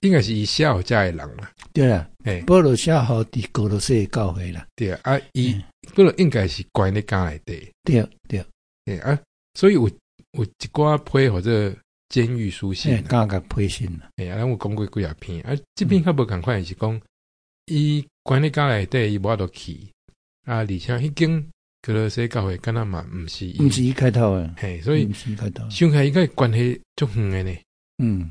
應該是伊寫互遮誒人、啊、啦，對、欸、啊，誒，保羅寫互佇歌羅西誒教會啦，對啊，啊，保羅、欸、應該是關咧家內底，對啊，對、欸、啊，誒啊，所以有有一寡批或者監獄書信、啊，監獄批信啦，誒啊，咱有講過幾啊篇，即、啊、這邊較無共款，就是講伊關咧家內底伊無法得去，啊，而且迄間歌羅西教會敢若嘛毋是毋是伊開頭誒，係，所以毋是伊開頭，想起應該關係足遠誒呢，嗯。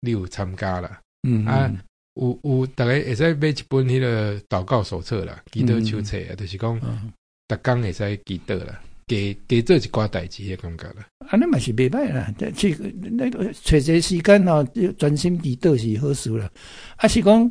你有參加啦，嗯，啊，有有逐個會使買一本迄個禱告手冊啦，祈禱手冊啊，著是講逐工會使祈禱啦，加加做一寡代志嘅感覺啦。安尼嘛是未歹啦，即係嗰、那個找啲時間專心祈禱是好事啦。啊，是講。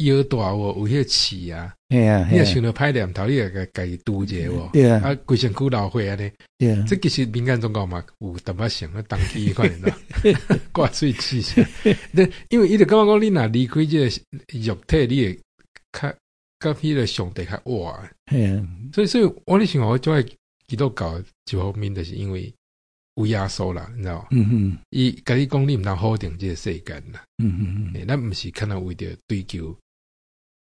腰大喎、哦，有啲刺啊，啊，你若想着歹念頭，啊、你會家己拄一下，啊，規身軀老化啊。即其實民間宗教嘛，有淡薄像，冬天 一款掛墜器， 因為伊着感覺講你若離開即個肉體，你會較甲迄個上帝較好哇，所以所以我咧想講，種誒基督教一方面就是因為有壓縮啦，你知道？嗯嗯，伊甲你講你毋通否定，即個世間啦，嗯嗯嗯，咱毋是為着追求。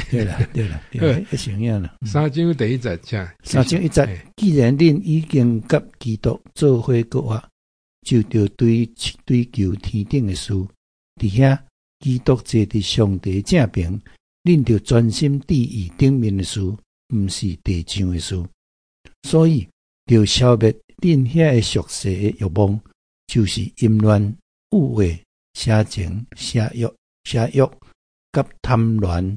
對啦，對啦，一樣樣啦。 啦嗯、三章第一節、嗯，三章一節。既然你已經跟基督做回過啊，就就對對求天頂嘅事。而且基督坐喺上帝正平，你就專心致意頂面嘅事，唔是地上嘅事。所以要消滅你那些俗世嘅欲望，就是淫亂、污穢、邪情、邪欲、邪欲、邪欲及貪婪。